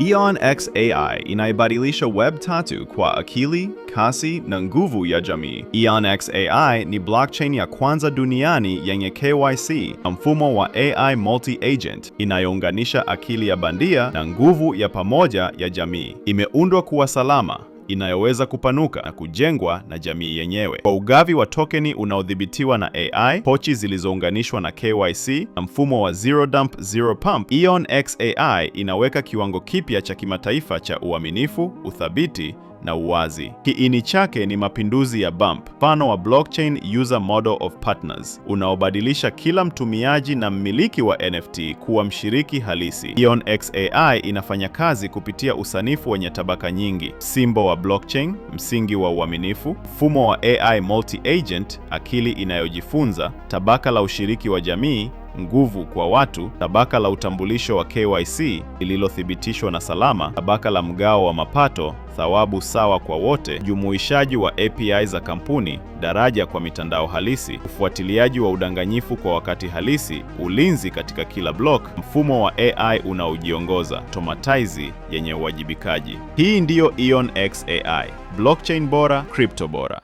Eon X AI inaibadilisha web tatu kwa akili, kasi na nguvu ya jamii. Eon X AI ni blockchain ya kwanza duniani yenye KYC na mfumo wa AI multi-agent inayounganisha akili ya bandia na nguvu ya pamoja ya jamii. Imeundwa kuwa salama, inayoweza kupanuka na kujengwa na jamii yenyewe kwa ugavi wa tokeni unaodhibitiwa na AI, pochi zilizounganishwa na KYC na mfumo wa zero dump zero pump. Ion X AI inaweka kiwango kipya cha kimataifa cha uaminifu, uthabiti na uwazi. Kiini chake ni mapinduzi ya BUMP, mfano wa blockchain user model of partners, unaobadilisha kila mtumiaji na mmiliki wa NFT kuwa mshiriki halisi. Ion AI inafanya kazi kupitia usanifu wenye tabaka nyingi: simbo wa blockchain, msingi wa uaminifu, mfumo wa AI multi agent, akili inayojifunza, tabaka la ushiriki wa jamii nguvu kwa watu, tabaka la utambulisho wa KYC lililothibitishwa na salama, tabaka la mgao wa mapato, thawabu sawa kwa wote, jumuishaji wa API za kampuni, daraja kwa mitandao halisi, ufuatiliaji wa udanganyifu kwa wakati halisi, ulinzi katika kila block, mfumo wa AI unaojiongoza, tomatizi yenye uwajibikaji. Hii ndiyo Ion X AI, blockchain bora, crypto bora.